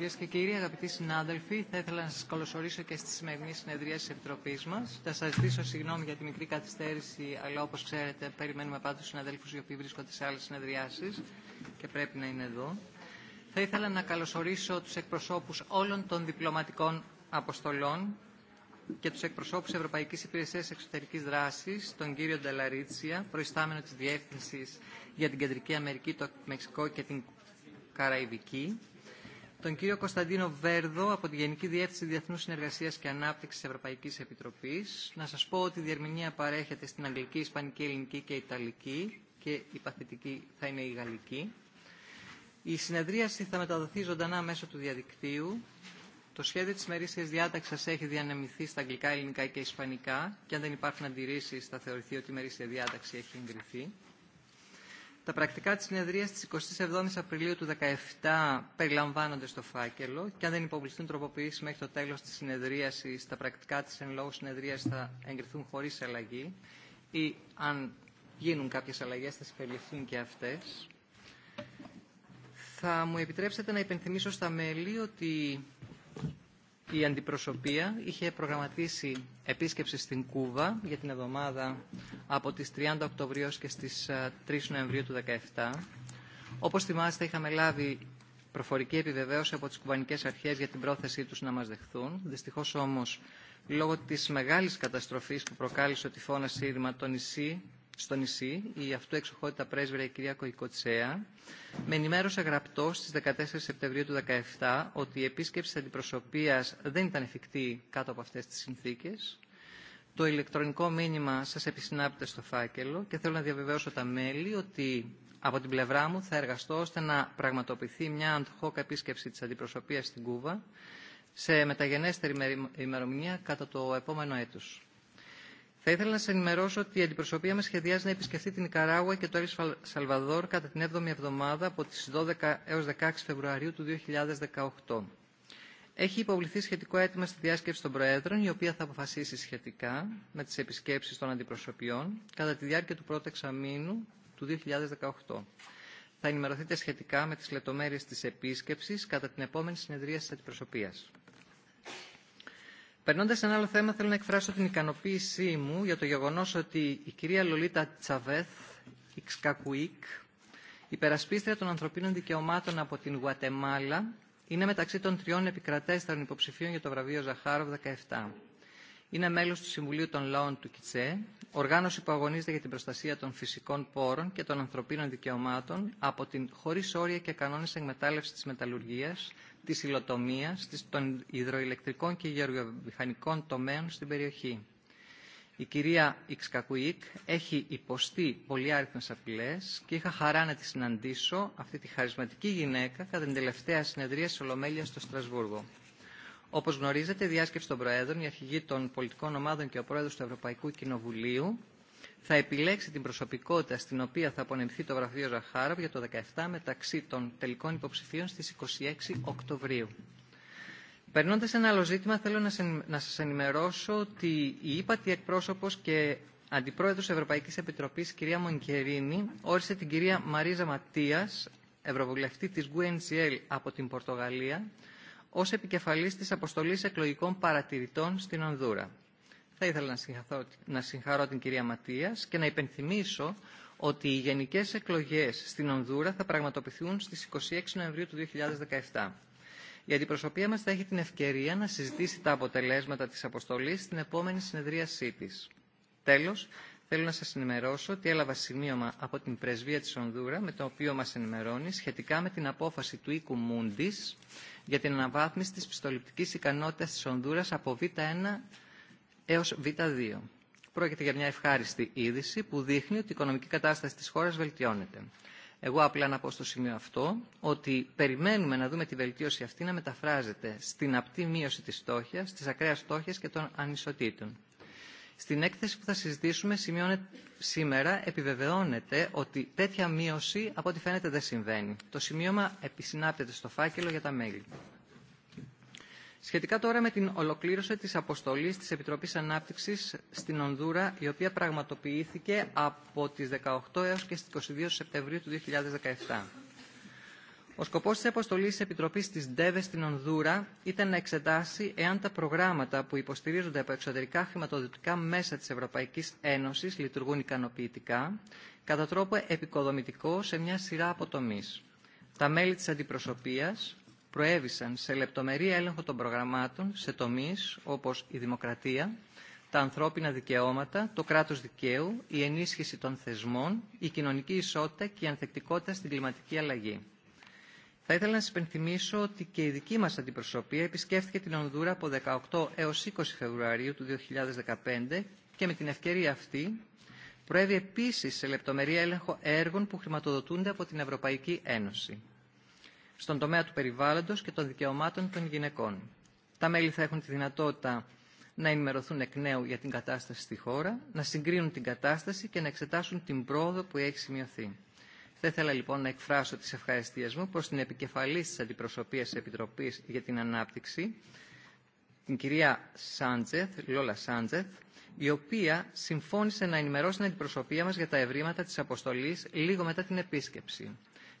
κυρίες και κύριοι, αγαπητοί συνάδελφοι, θα ήθελα να σας καλωσορίσω και στη σημερινή συνεδρία της Επιτροπής μας. Θα σας ζητήσω συγγνώμη για τη μικρή καθυστέρηση, αλλά όπως ξέρετε περιμένουμε πάντα τους συναδέλφους οι οποίοι βρίσκονται σε άλλες συνεδριάσεις και πρέπει να είναι εδώ. Θα ήθελα να καλωσορίσω τους εκπροσώπους όλων των διπλωματικών αποστολών και τους εκπροσώπους Ευρωπαϊκής Υπηρεσίας Εξωτερικής Δράσης, τον κύριο Νταλαρίτσια, προϊστάμενο της Διεύθυνσης για την Κεντρική Αμερική, το Μεξικό και την Καραϊβική, τον κύριο Κωνσταντίνο Βέρδο από τη Γενική Διεύθυνση Διεθνού Συνεργασία και Ανάπτυξη Ευρωπαϊκή Επιτροπή. Να σα πω ότι η διερμηνία παρέχεται στην Αγγλική, Ισπανική, Ελληνική και Ιταλική και η παθητική θα είναι η Γαλλική. Η συνεδρίαση θα μεταδοθεί ζωντανά μέσω του διαδικτύου. Το σχέδιο τη μερίσια διάταξη σα έχει διανεμηθεί στα αγγλικά, ελληνικά και ισπανικά και αν δεν υπάρχουν αντιρρήσει θα θεωρηθεί ότι η μερίσια διάταξη έχει εγκριθεί. Τα πρακτικά της συνεδρίας της 27ης Απριλίου του 2017 περιλαμβάνονται στο φάκελο και αν δεν υποβληθούν τροποποιήσεις μέχρι το τέλος της συνεδρίασης, τα πρακτικά της εν λόγω συνεδρίας θα εγκριθούν χωρίς αλλαγή ή αν γίνουν κάποιες αλλαγές θα συμπεριληφθούν και αυτές. Θα μου επιτρέψετε να υπενθυμίσω στα μέλη ότι η αντιπροσωπεία είχε προγραμματίσει επίσκεψη στην Κούβα για την εβδομάδα από τις 30 Οκτωβρίου και στις 3 Νοεμβρίου του 2017. Όπως θυμάστε είχαμε λάβει προφορική επιβεβαίωση από τις κουβανικές αρχές για την πρόθεσή τους να μας δεχθούν. Δυστυχώς όμως λόγω της μεγάλης καταστροφής που προκάλεσε ο τυφώνας Σύρμα το νησί στο νησί, η αυτού εξοχότητα πρέσβυρα η κυρία Κοϊκοτσέα, με ενημέρωσε γραπτό στι 14 Σεπτεμβρίου του 2017 ότι η επίσκεψη αντιπροσωπεία δεν ήταν εφικτή κάτω από αυτέ τι συνθήκε. Το ηλεκτρονικό μήνυμα σα επισυνάπτεται στο φάκελο και θέλω να διαβεβαιώσω τα μέλη ότι από την πλευρά μου θα εργαστώ ώστε να πραγματοποιηθεί μια αντοχόκα επίσκεψη τη αντιπροσωπεία στην Κούβα σε μεταγενέστερη ημερομηνία κατά το επόμενο έτος. Θα ήθελα να σα ενημερώσω ότι η αντιπροσωπεία μα σχεδιάζει να επισκεφθεί την Ικαράγουα και το Έλλη Σαλβαδόρ κατά την 7η εβδομάδα από τι 12 έω 16 Φεβρουαρίου του 2018. Έχει υποβληθεί σχετικό αίτημα στη διάσκεψη των Προέδρων, η οποία θα αποφασίσει σχετικά με τι επισκέψει των αντιπροσωπιών κατά τη διάρκεια του πρώτου εξαμήνου του 2018. Θα ενημερωθείτε σχετικά με τι λεπτομέρειε τη επίσκεψη κατά την επόμενη συνεδρία τη αντιπροσωπείας. Περνώντα σε ένα άλλο θέμα, θέλω να εκφράσω την ικανοποίησή μου για το γεγονό ότι η κυρία Λολίτα Τσαβέθ, Ιξκακουίκ, υπερασπίστρια των ανθρωπίνων δικαιωμάτων από την Γουατεμάλα, είναι μεταξύ των τριών επικρατέστερων υποψηφίων για το βραβείο Ζαχάροβ 17. Είναι μέλο του Συμβουλίου των Λαών του ΚΙΤΣΕ, οργάνωση που αγωνίζεται για την προστασία των φυσικών πόρων και των ανθρωπίνων δικαιωμάτων από την χωρί όρια και κανόνε εκμετάλλευση τη μεταλλουργία, της υλοτομίας, των υδροηλεκτρικών και γεωργιομηχανικών τομέων στην περιοχή. Η κυρία Ιξκακουίκ έχει υποστεί άριθμες απειλές και είχα χαρά να τη συναντήσω, αυτή τη χαρισματική γυναίκα, κατά την τελευταία συνεδρία της Ολομέλειας στο Στρασβούργο. Όπως γνωρίζετε, η διάσκεψη των Προέδρων, η αρχηγή των πολιτικών ομάδων και ο Πρόεδρος του Ευρωπαϊκού Κοινοβουλίου θα επιλέξει την προσωπικότητα στην οποία θα απονεμηθεί το βραβείο Ζαχάροβ για το 17 μεταξύ των τελικών υποψηφίων στις 26 Οκτωβρίου. Περνώντα ένα άλλο ζήτημα, θέλω να σα ενημερώσω ότι η ύπατη εκπρόσωπο και αντιπρόεδρο Ευρωπαϊκή Επιτροπή, κυρία Μονκερίνη, όρισε την κυρία Μαρίζα Ματία, ευρωβουλευτή τη GUNCL από την Πορτογαλία, ω επικεφαλή τη αποστολή εκλογικών παρατηρητών στην Ονδούρα θα ήθελα να συγχαρώ, να συγχαρώ την κυρία Ματίας και να υπενθυμίσω ότι οι γενικές εκλογές στην Ονδούρα θα πραγματοποιηθούν στις 26 Νοεμβρίου του 2017. Η αντιπροσωπεία μας θα έχει την ευκαιρία να συζητήσει τα αποτελέσματα της αποστολής στην επόμενη συνεδρίασή της. Τέλος, θέλω να σας ενημερώσω ότι έλαβα σημείωμα από την πρεσβεία της Ονδούρα με το οποίο μας ενημερώνει σχετικά με την απόφαση του οίκου Μούντις για την αναβάθμιση της πιστοληπτικής ικανότητας της Ονδούρας από Β1 έως Β2. Πρόκειται για μια ευχάριστη είδηση που δείχνει ότι η οικονομική κατάσταση της χώρας βελτιώνεται. Εγώ απλά να πω στο σημείο αυτό ότι περιμένουμε να δούμε τη βελτίωση αυτή να μεταφράζεται στην απτή μείωση της στόχιας, της ακραία στόχιας και των ανισοτήτων. Στην έκθεση που θα συζητήσουμε σήμερα επιβεβαιώνεται ότι τέτοια μείωση από ό,τι φαίνεται δεν συμβαίνει. Το σημείωμα επισυνάπτεται στο φάκελο για τα μέλη. Σχετικά τώρα με την ολοκλήρωση της αποστολής της Επιτροπής Ανάπτυξης στην Ονδούρα, η οποία πραγματοποιήθηκε από τις 18 έως και στις 22 Σεπτεμβρίου του 2017. Ο σκοπός της αποστολής της Επιτροπής της ΔΕΒΕ στην Ονδούρα ήταν να εξετάσει εάν τα προγράμματα που υποστηρίζονται από εξωτερικά χρηματοδοτικά μέσα της Ευρωπαϊκής Ένωσης λειτουργούν ικανοποιητικά, κατά τρόπο επικοδομητικό σε μια σειρά αποτομής. Τα μέλη της αντιπροσωπείας, προέβησαν σε λεπτομερή έλεγχο των προγραμμάτων σε τομείς όπως η δημοκρατία, τα ανθρώπινα δικαιώματα, το κράτος δικαίου, η ενίσχυση των θεσμών, η κοινωνική ισότητα και η ανθεκτικότητα στην κλιματική αλλαγή. Θα ήθελα να σας υπενθυμίσω ότι και η δική μας αντιπροσωπεία επισκέφθηκε την Ονδούρα από 18 έως 20 Φεβρουαρίου του 2015 και με την ευκαιρία αυτή προέβη επίσης σε λεπτομερή έλεγχο έργων που χρηματοδοτούνται από την Ευρωπαϊκή Ένωση στον τομέα του περιβάλλοντος και των δικαιωμάτων των γυναικών. Τα μέλη θα έχουν τη δυνατότητα να ενημερωθούν εκ νέου για την κατάσταση στη χώρα, να συγκρίνουν την κατάσταση και να εξετάσουν την πρόοδο που έχει σημειωθεί. Θα ήθελα λοιπόν να εκφράσω τις ευχαριστίες μου προς την επικεφαλής της Αντιπροσωπείας της Επιτροπής για την Ανάπτυξη, την κυρία Σάντζεθ, Λόλα Σάντζεθ, η οποία συμφώνησε να ενημερώσει την αντιπροσωπεία μας για τα ευρήματα της αποστολής λίγο μετά την επίσκεψη.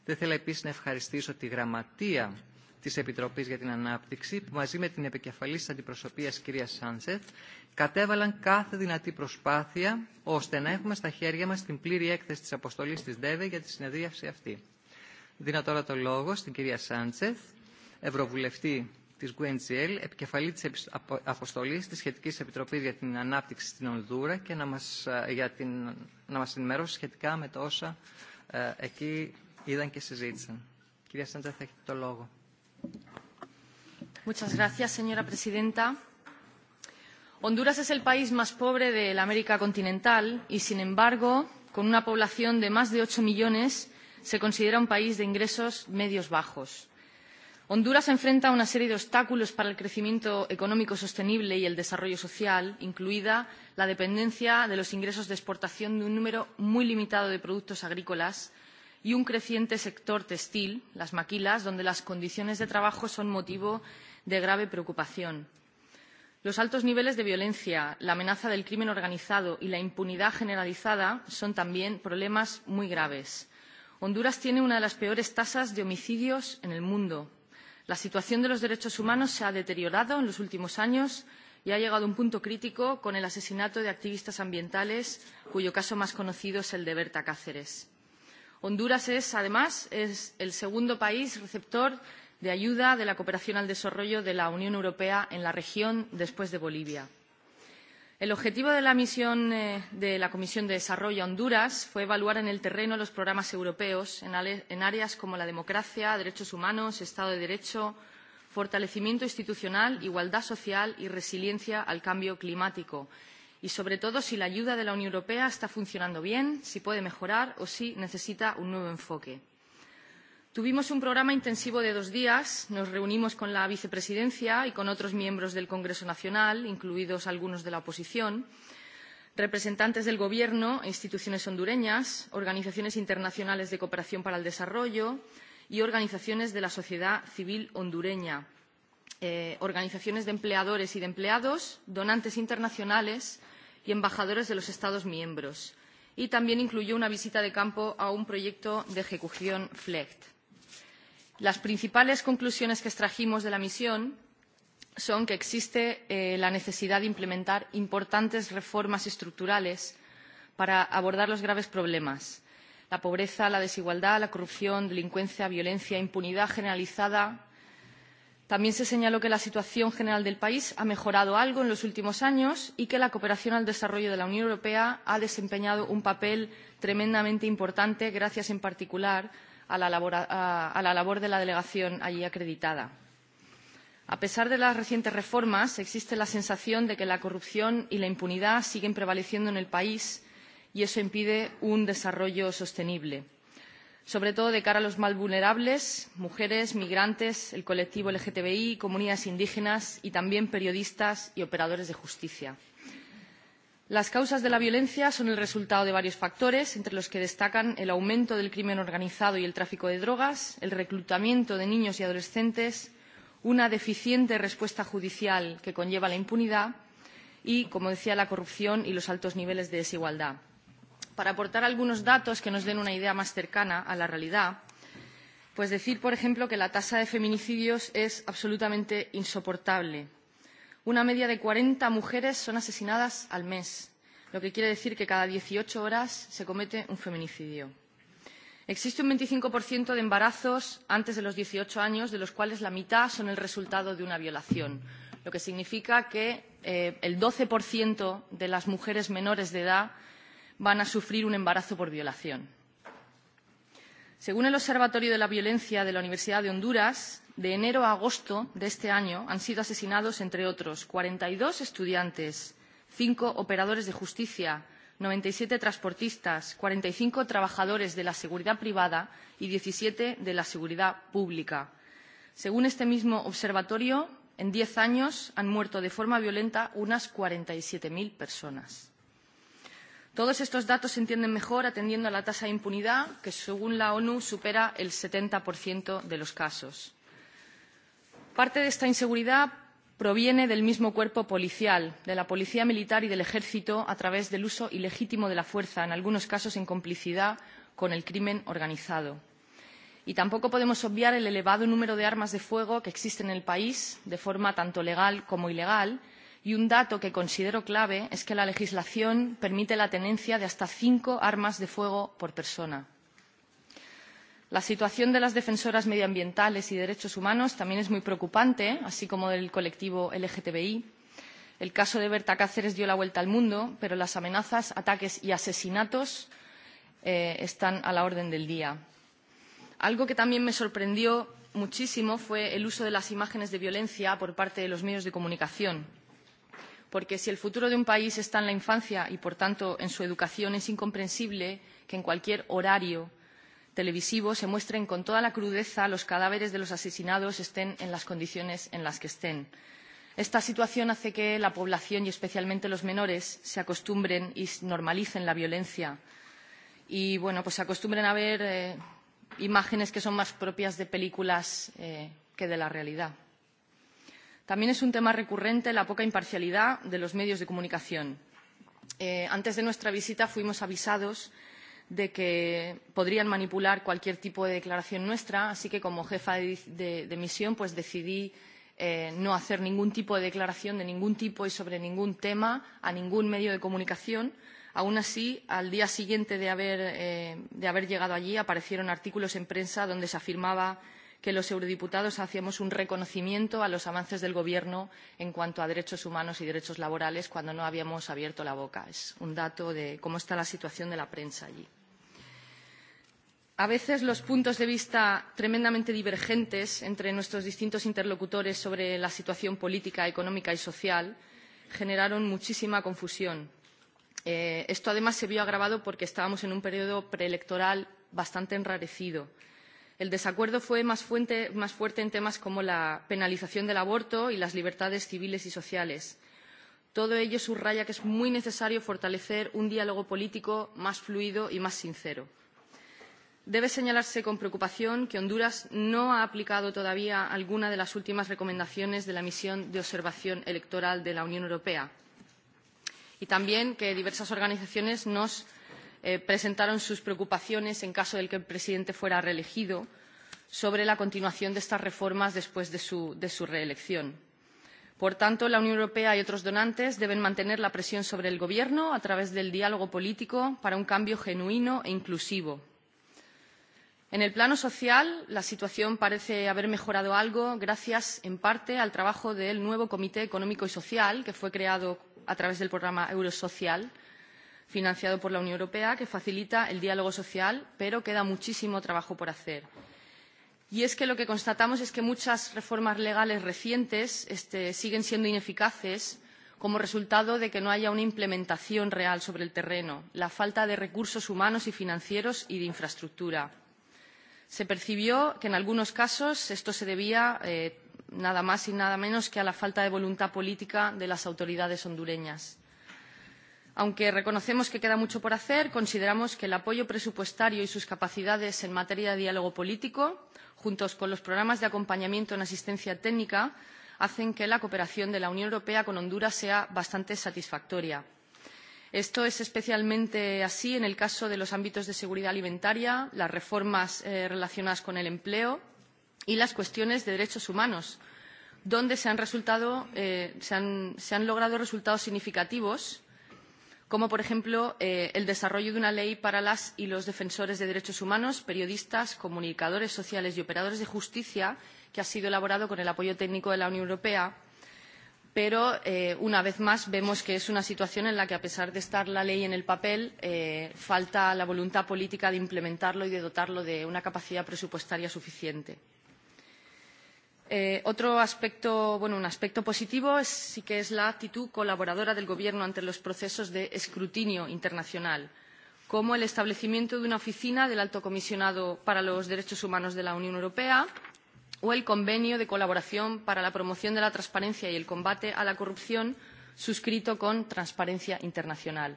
Θα ήθελα επίση να ευχαριστήσω τη Γραμματεία τη Επιτροπή για την Ανάπτυξη, που μαζί με την επικεφαλή τη αντιπροσωπεία κυρία Σάνσεθ, κατέβαλαν κάθε δυνατή προσπάθεια ώστε να έχουμε στα χέρια μα την πλήρη έκθεση τη Αποστολή τη ΔΕΒΕ για τη συνεδρίαση αυτή. Δίνω τώρα το λόγο στην κυρία Σάντσεθ, Ευρωβουλευτή τη Γκουέντζιέλ, επικεφαλή τη αποστολή τη Σχετική Επιτροπή για την Ανάπτυξη στην Ονδούρα και να μα ενημερώσει σχετικά με τα όσα ε, εκεί Είδαν και συζήτησαν. Κυρία Σέντζα, θα έχετε το λόγο. Muchas gracias, señora presidenta. Honduras es el país más pobre de la América continental y, sin embargo, con una población de más de ocho millones, se considera un país de ingresos medios bajos. Honduras enfrenta una serie de obstáculos para el crecimiento económico sostenible y el desarrollo social, incluida la dependencia de los ingresos de exportación de un número muy limitado de productos agrícolas, y un creciente sector textil, las maquilas, donde las condiciones de trabajo son motivo de grave preocupación. Los altos niveles de violencia, la amenaza del crimen organizado y la impunidad generalizada son también problemas muy graves. Honduras tiene una de las peores tasas de homicidios en el mundo. La situación de los derechos humanos se ha deteriorado en los últimos años y ha llegado a un punto crítico con el asesinato de activistas ambientales, cuyo caso más conocido es el de Berta Cáceres. Honduras es, además, es el segundo país receptor de ayuda de la cooperación al desarrollo de la Unión Europea en la región después de Bolivia. El objetivo de la misión de la Comisión de Desarrollo a Honduras fue evaluar en el terreno los programas europeos en áreas como la democracia, derechos humanos, Estado de Derecho, fortalecimiento institucional, igualdad social y resiliencia al cambio climático, y sobre todo si la ayuda de la Unión Europea está funcionando bien, si puede mejorar o si necesita un nuevo enfoque. Tuvimos un programa intensivo de dos días, nos reunimos con la vicepresidencia y con otros miembros del Congreso Nacional, incluidos algunos de la oposición, representantes del Gobierno e instituciones hondureñas, organizaciones internacionales de cooperación para el desarrollo y organizaciones de la sociedad civil hondureña eh, organizaciones de empleadores y de empleados, donantes internacionales y embajadores de los Estados miembros. Y también incluyó una visita de campo a un proyecto de ejecución FLECT. Las principales conclusiones que extrajimos de la misión son que existe eh, la necesidad de implementar importantes reformas estructurales para abordar los graves problemas la pobreza, la desigualdad, la corrupción, delincuencia, violencia, impunidad generalizada, También se señaló que la situación general del país ha mejorado algo en los últimos años y que la cooperación al desarrollo de la Unión Europea ha desempeñado un papel tremendamente importante, gracias en particular a la labor, a, a la labor de la delegación allí acreditada. A pesar de las recientes reformas, existe la sensación de que la corrupción y la impunidad siguen prevaleciendo en el país y eso impide un desarrollo sostenible sobre todo de cara a los más vulnerables, mujeres, migrantes, el colectivo LGTBI, comunidades indígenas y también periodistas y operadores de justicia. Las causas de la violencia son el resultado de varios factores, entre los que destacan el aumento del crimen organizado y el tráfico de drogas, el reclutamiento de niños y adolescentes, una deficiente respuesta judicial que conlleva la impunidad y, como decía, la corrupción y los altos niveles de desigualdad para aportar algunos datos que nos den una idea más cercana a la realidad, pues decir, por ejemplo, que la tasa de feminicidios es absolutamente insoportable. Una media de cuarenta mujeres son asesinadas al mes, lo que quiere decir que cada dieciocho horas se comete un feminicidio. Existe un veinticinco de embarazos antes de los dieciocho años, de los cuales la mitad son el resultado de una violación, lo que significa que el doce de las mujeres menores de edad van a sufrir un embarazo por violación. Según el Observatorio de la Violencia de la Universidad de Honduras, de enero a agosto de este año han sido asesinados, entre otros, cuarenta y dos estudiantes, cinco operadores de justicia, noventa y siete transportistas, cuarenta y cinco trabajadores de la seguridad privada y diecisiete de la seguridad pública. Según este mismo observatorio, en diez años han muerto de forma violenta unas cuarenta y siete 47.000 personas. Todos estos datos se entienden mejor atendiendo a la tasa de impunidad, que según la ONU supera el 70% de los casos. Parte de esta inseguridad proviene del mismo cuerpo policial, de la policía militar y del ejército, a través del uso ilegítimo de la fuerza, en algunos casos en complicidad con el crimen organizado. Y tampoco podemos obviar el elevado número de armas de fuego que existen en el país, de forma tanto legal como ilegal, Y un dato que considero clave es que la legislación permite la tenencia de hasta cinco armas de fuego por persona. La situación de las defensoras medioambientales y derechos humanos también es muy preocupante, así como del colectivo LGTBI. El caso de Berta Cáceres dio la vuelta al mundo, pero las amenazas, ataques y asesinatos están a la orden del día. Algo que también me sorprendió muchísimo fue el uso de las imágenes de violencia por parte de los medios de comunicación porque si el futuro de un país está en la infancia y, por tanto, en su educación, es incomprensible que en cualquier horario televisivo se muestren con toda la crudeza los cadáveres de los asesinados estén en las condiciones en las que estén. Esta situación hace que la población y especialmente los menores se acostumbren y normalicen la violencia y bueno, pues se acostumbren a ver eh, imágenes que son más propias de películas eh, que de la realidad. También es un tema recurrente la poca imparcialidad de los medios de comunicación. Eh, antes de nuestra visita fuimos avisados de que podrían manipular cualquier tipo de declaración nuestra, así que como jefa de, de, de misión pues decidí eh, no hacer ningún tipo de declaración de ningún tipo y sobre ningún tema a ningún medio de comunicación. Aún así, al día siguiente de haber, eh, de haber llegado allí aparecieron artículos en prensa donde se afirmaba que los eurodiputados hacíamos un reconocimiento a los avances del Gobierno en cuanto a derechos humanos y derechos laborales cuando no habíamos abierto la boca. Es un dato de cómo está la situación de la prensa allí. A veces los puntos de vista tremendamente divergentes entre nuestros distintos interlocutores sobre la situación política, económica y social generaron muchísima confusión. esto además se vio agravado porque estábamos en un periodo preelectoral bastante enrarecido. El desacuerdo fue más, fuente, más fuerte en temas como la penalización del aborto y las libertades civiles y sociales. Todo ello subraya que es muy necesario fortalecer un diálogo político más fluido y más sincero. Debe señalarse con preocupación que Honduras no ha aplicado todavía alguna de las últimas recomendaciones de la misión de observación electoral de la Unión Europea y también que diversas organizaciones nos presentaron sus preocupaciones en caso de que el presidente fuera reelegido sobre la continuación de estas reformas después de su, reelección. Por tanto, la Unión Europea y otros donantes deben mantener la presión sobre el Gobierno a través del diálogo político para un cambio genuino e inclusivo. En el plano social, la situación parece haber mejorado algo gracias, en parte, al trabajo del nuevo Comité Económico y Social, que fue creado a través del programa Eurosocial, financiado por la Unión Europea que facilita el diálogo social, pero queda muchísimo trabajo por hacer. Y es que lo que constatamos es que muchas reformas legales recientes siguen siendo ineficaces como resultado de que no haya una implementación real sobre el terreno, la falta de recursos humanos y financieros y de infraestructura. Se percibió que en algunos casos esto se debía nada más y nada menos que a la falta de voluntad política de las autoridades hondureñas. Aunque reconocemos que queda mucho por hacer, consideramos que el apoyo presupuestario y sus capacidades en materia de diálogo político, junto con los programas de acompañamiento en asistencia técnica, hacen que la cooperación de la Unión Europea con Honduras sea bastante satisfactoria. Esto es especialmente así en el caso de los ámbitos de seguridad alimentaria, las reformas relacionadas con el empleo y las cuestiones de derechos humanos, donde se han, logrado resultados significativos como por ejemplo el desarrollo de una ley para las y los defensores de derechos humanos, periodistas, comunicadores sociales y operadores de justicia, que ha sido elaborado con el apoyo técnico de la Unión Europea. Pero, una vez más, vemos que es una situación en la que, a pesar de estar la ley en el papel, falta la voluntad política de implementarlo y de dotarlo de una capacidad presupuestaria suficiente otro aspecto, bueno, un aspecto positivo es, sí que es la actitud colaboradora del Gobierno ante los procesos de escrutinio internacional, como el establecimiento de una oficina del Alto Comisionado para los Derechos Humanos de la Unión Europea o el Convenio de Colaboración para la Promoción de la Transparencia y el Combate a la Corrupción, suscrito con Transparencia Internacional.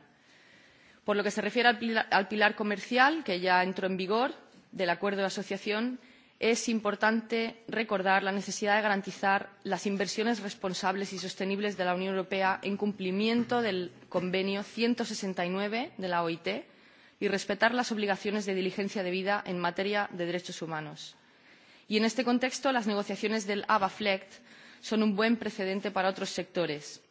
Por lo que se refiere al pilar, comercial, que ya entró en vigor del acuerdo de asociación, es importante recordar la necesidad de garantizar las inversiones responsables y sostenibles de la Unión Europea en cumplimiento del convenio ciento sesenta y nueve de la OIT y respetar las obligaciones de diligencia debida en materia de derechos humanos. Y en este contexto, las negociaciones del ABAFLECT son un buen precedente para otros sectores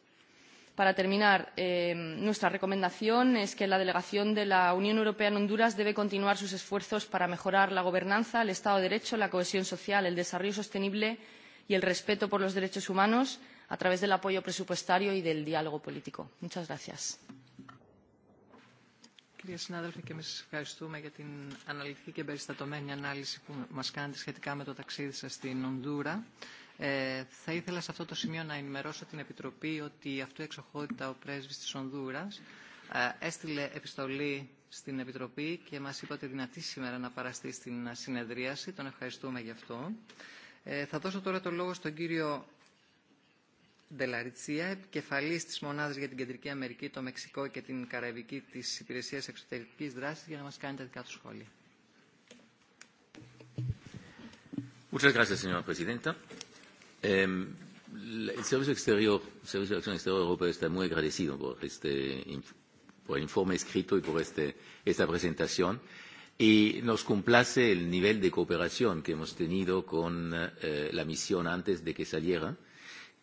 Para terminar, eh, nuestra recomendación es que la delegación de la Unión Europea en Honduras debe continuar sus esfuerzos para mejorar la gobernanza, el Estado de Derecho, la cohesión social, el desarrollo sostenible y el respeto por los derechos humanos a través del apoyo presupuestario y del diálogo político. Muchas gracias. Κυρία συνάδελφε, και εμείς ευχαριστούμε για την αναλυτική και περιστατωμένη ανάλυση που μας κάνετε σχετικά με το ταξίδι σας στην Ονδούρα. Ε, θα ήθελα σε αυτό το σημείο να ενημερώσω την Επιτροπή ότι αυτού εξοχότητα ο πρέσβης της Ονδούρας ε, έστειλε επιστολή στην Επιτροπή και μας είπε ότι δυνατή σήμερα να παραστεί στην συνεδρίαση. Τον ευχαριστούμε γι' αυτό. Ε, θα δώσω τώρα το λόγο στον κύριο Ντελαριτσία, επικεφαλής τη Μονάδα για την Κεντρική Αμερική, το Μεξικό και την Καραϊβική τη Υπηρεσία Εξωτερική Δράση, για να μα κάνει τα δικά του σχόλια. Muchas gracias, señora presidenta el Servicio Exterior, el Servicio de Acción Exterior Europeo está muy agradecido por este por el informe escrito y por este, esta presentación. Y nos complace el nivel de cooperación que hemos tenido con eh, la misión antes de que saliera. Eh,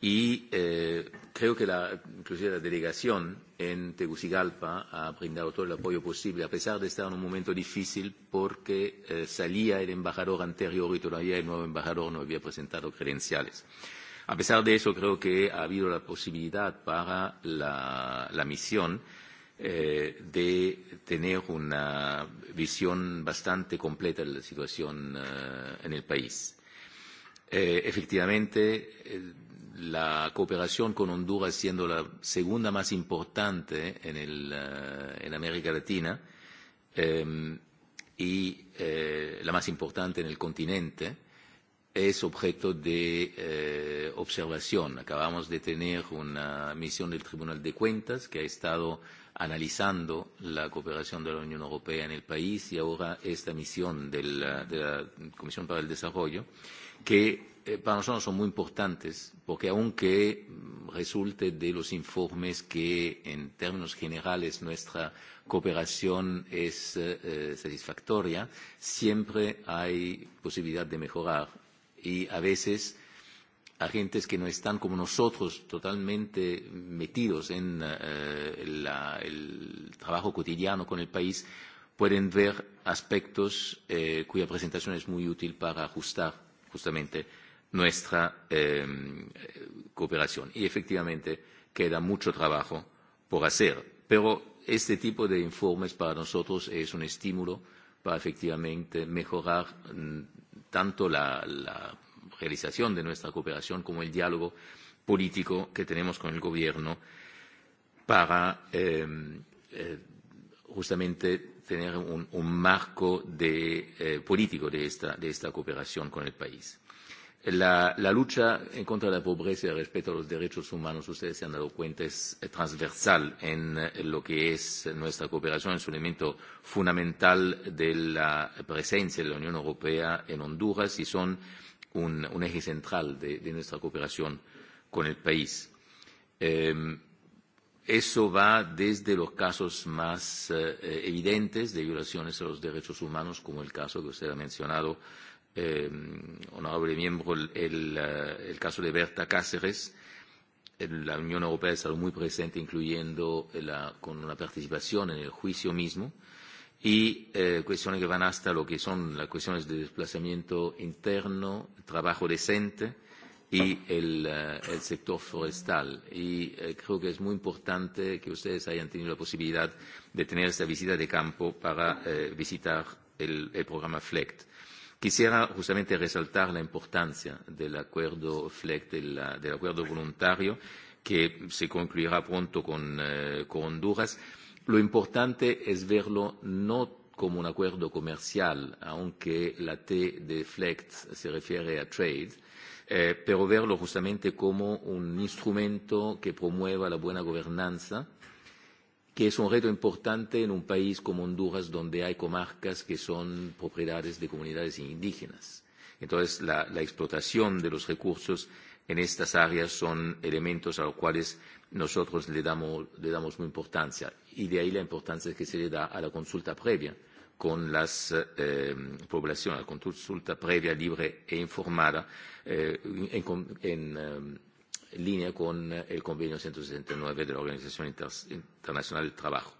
Y eh, creo que la, inclusive la delegación en Tegucigalpa ha brindado todo el apoyo posible, a pesar de estar en un momento difícil, porque eh, salía el embajador anterior y todavía el nuevo embajador no había presentado credenciales. A pesar de eso, creo que ha habido la posibilidad para la, la misión eh, de tener una visión bastante completa de la situación eh, en el país. Eh, efectivamente, eh, la cooperación con Honduras siendo la segunda más importante en, el, uh, en América Latina eh, y eh, la más importante en el continente, es objeto de eh, observación. Acabamos de tener una misión del Tribunal de Cuentas que ha estado analizando la cooperación de la Unión Europea en el país y ahora esta misión del, de la Comisión para el Desarrollo que para nosotros son muy importantes porque aunque resulte de los informes que en términos generales nuestra cooperación es satisfactoria, siempre hay posibilidad de mejorar y a veces agentes que no están como nosotros totalmente metidos en el trabajo cotidiano con el país pueden ver aspectos cuya presentación es muy útil para ajustar justamente nuestra eh, cooperación. Y efectivamente queda mucho trabajo por hacer, pero este tipo de informes para nosotros es un estímulo para efectivamente mejorar tanto la, la realización de nuestra cooperación como el diálogo político que tenemos con el gobierno para eh, eh, justamente tener un, un marco de, eh, político de esta, de esta cooperación con el país. La, la lucha en contra de la pobreza y el respeto a los derechos humanos, ustedes se han dado cuenta, es transversal en lo que es nuestra cooperación, es un elemento fundamental de la presencia de la Unión Europea en Honduras y son un, un eje central de, de nuestra cooperación con el país. Eh, Eso va desde los casos más eh, evidentes de violaciones a los derechos humanos, como el caso que usted ha mencionado eh, honorable miembro, el, el, el caso de Berta Cáceres. La Unión Europea ha estado muy presente, incluyendo la, con una participación en el juicio mismo, y eh, cuestiones que van hasta lo que son las cuestiones de desplazamiento interno, trabajo decente y el, eh, el sector forestal. Y eh, creo que es muy importante que ustedes hayan tenido la posibilidad de tener esta visita de campo para eh, visitar el, el programa FLECT Quisiera justamente resaltar la importancia del acuerdo FLEC, del, del acuerdo voluntario, que se concluirá pronto con, eh, con Honduras. Lo importante es verlo no como un acuerdo comercial, aunque la T de FLECT se refiere a trade, eh, pero verlo justamente como un instrumento que promueva la buena gobernanza que es un reto importante en un país como Honduras, donde hay comarcas que son propiedades de comunidades indígenas. Entonces, la, la explotación de los recursos en estas áreas son elementos a los cuales nosotros le damos, le damos muy importancia. Y de ahí la importancia que se le da a la consulta previa con las eh, poblaciones, a la consulta previa libre e informada eh, en, en, en línea con el convenio 169 de la Organización Internacional del Trabajo.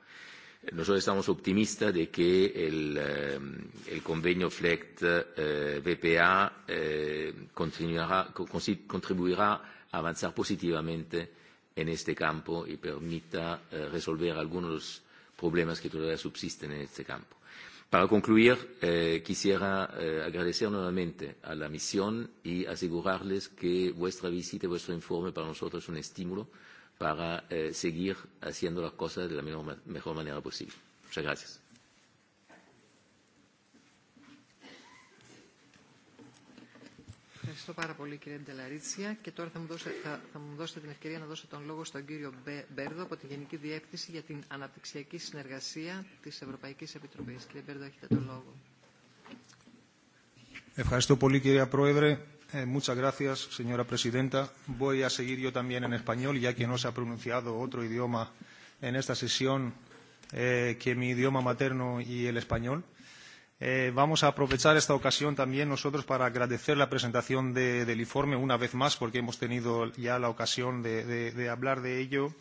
Nosotros estamos optimistas de que el, el convenio FLECT-VPA eh, contribuirá a avanzar positivamente en este campo y permita eh, resolver algunos de los problemas que todavía subsisten en este campo. Para concluir, eh, quisiera eh, agradecer nuevamente a la misión y asegurarles que vuestra visita y vuestro informe para nosotros es un estímulo para eh, seguir haciendo las cosas de la mejor, mejor manera posible. Muchas gracias. Ευχαριστώ πάρα πολύ κύριε Ντελαρίτσια και τώρα θα μου, δώσετε, θα, θα μου δώσετε την ευκαιρία να δώσω τον λόγο στον κύριο Μπέρδο από τη Γενική Διεύθυνση για την Αναπτυξιακή Συνεργασία της Ευρωπαϊκής Επιτροπής. Κύριε Μπέρδο, έχετε τον λόγο. Ευχαριστώ πολύ κυρία Πρόεδρε. muchas gracias, señora presidenta. Voy a seguir yo también en español, ya que no se ha pronunciado otro idioma en esta sesión eh, que mi idioma materno y el español vamos a aprovechar esta ocasión también nosotros para agradecer la presentación del informe una vez más, porque hemos tenido ya la ocasión de, hablar de ello,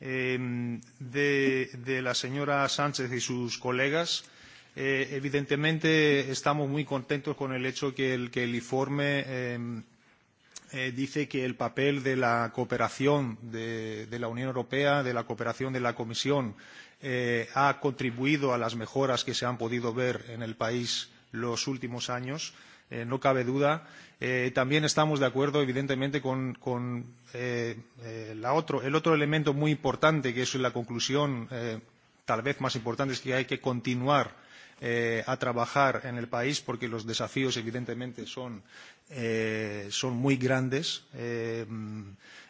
de, la señora Sánchez y sus colegas. evidentemente, estamos muy contentos con el hecho que el, que el informe dice que el papel de la cooperación de, la Unión Europea, de la cooperación de la Comisión eh, ha contribuido a las mejoras que se han podido ver en el país los últimos años, eh, no cabe duda. Eh, también estamos de acuerdo, evidentemente, con, con eh, eh, la otro, el otro elemento muy importante, que es la conclusión eh, tal vez más importante, es que hay que continuar eh, a trabajar en el país porque los desafíos, evidentemente, son, eh, son muy grandes. Eh,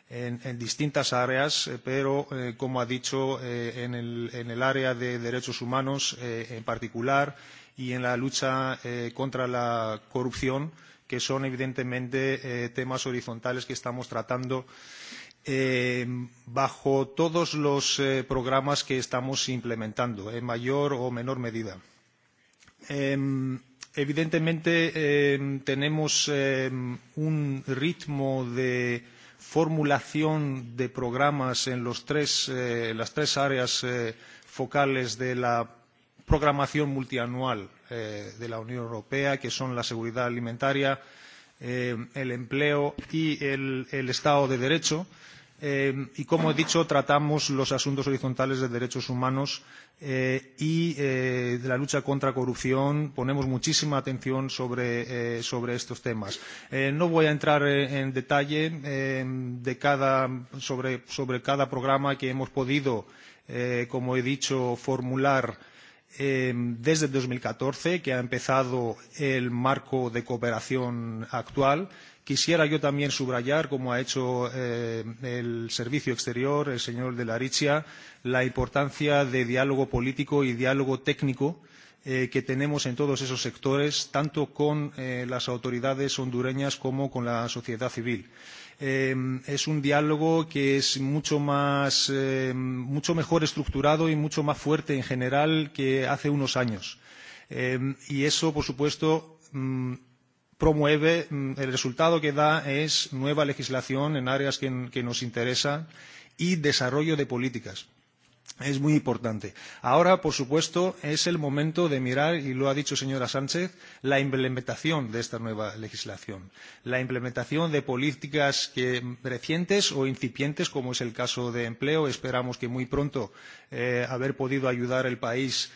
en, en distintas áreas, pero, eh, como ha dicho, eh, en, el, en el área de derechos humanos eh, en particular y en la lucha eh, contra la corrupción, que son evidentemente eh, temas horizontales que estamos tratando bajo todos los programas que estamos implementando, en mayor o menor medida. evidentemente, tenemos un ritmo de formulación de programas en los tres, eh, las tres áreas eh, focales de la programación multianual eh, de la Unión Europea, que son la seguridad alimentaria, eh, el empleo y el, el Estado de Derecho. Eh, y, como he dicho, tratamos los asuntos horizontales de derechos humanos eh, y eh, de la lucha contra corrupción. Ponemos muchísima atención sobre, eh, sobre estos temas. Eh, no voy a entrar en, en detalle eh, de cada, sobre, sobre cada programa que hemos podido, eh, como he dicho, formular eh, desde 2014, que ha empezado el marco de cooperación actual Quisiera yo también subrayar, como ha hecho eh, el Servicio Exterior, el señor de la Richia, la importancia de diálogo político y diálogo técnico eh, que tenemos en todos esos sectores, tanto con eh, las autoridades hondureñas como con la sociedad civil eh, es un diálogo que es mucho más, eh, mucho mejor estructurado y mucho más fuerte en general que hace unos años. Eh, y eso, por supuesto, mm, promueve, el resultado que da es nueva legislación en áreas que, que nos interesan y desarrollo de políticas. Es muy importante. Ahora, por supuesto, es el momento de mirar, y lo ha dicho señora Sánchez, la implementación de esta nueva legislación. La implementación de políticas que, recientes o incipientes, como es el caso de empleo. Esperamos que muy pronto eh, haber podido ayudar al país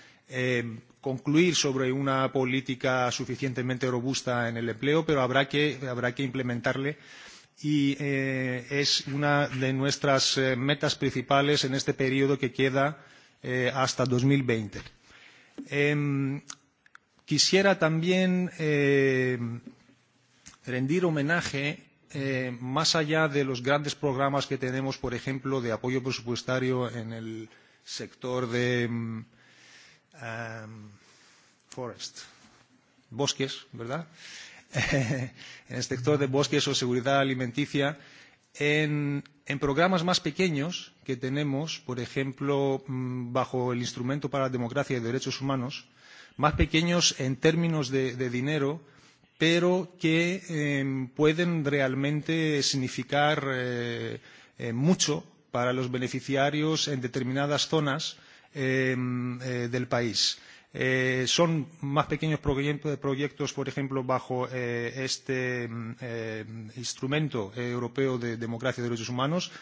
concluir sobre una política suficientemente robusta en el empleo, pero habrá que, habrá que implementarle y eh, es una de nuestras eh, metas principales en este periodo que queda eh, hasta 2020. Eh, quisiera también eh, rendir homenaje eh, más allá de los grandes programas que tenemos, por ejemplo, de apoyo presupuestario en el sector de um, forest, bosques, ¿verdad? en el sector de bosques o seguridad alimenticia, en, en programas más pequeños que tenemos, por ejemplo, bajo el Instrumento para la Democracia y Derechos Humanos, más pequeños en términos de, de dinero, pero que eh, pueden realmente significar eh, eh, mucho para los beneficiarios en determinadas zonas eh, del país. son más pequeños proyectos, por ejemplo, bajo este instrumento europeo de democracia y derechos humanos,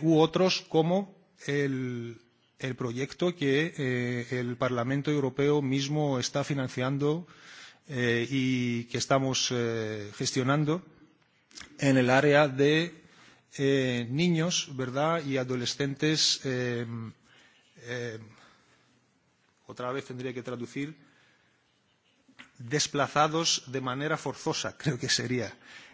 u otros como el el proyecto que eh, el Parlamento Europeo mismo está financiando eh, y que estamos eh, gestionando en el área de eh, niños ¿verdad? y adolescentes eh, eh, otra vez tendría que traducir, desplazados de manera forzosa, creo que sería.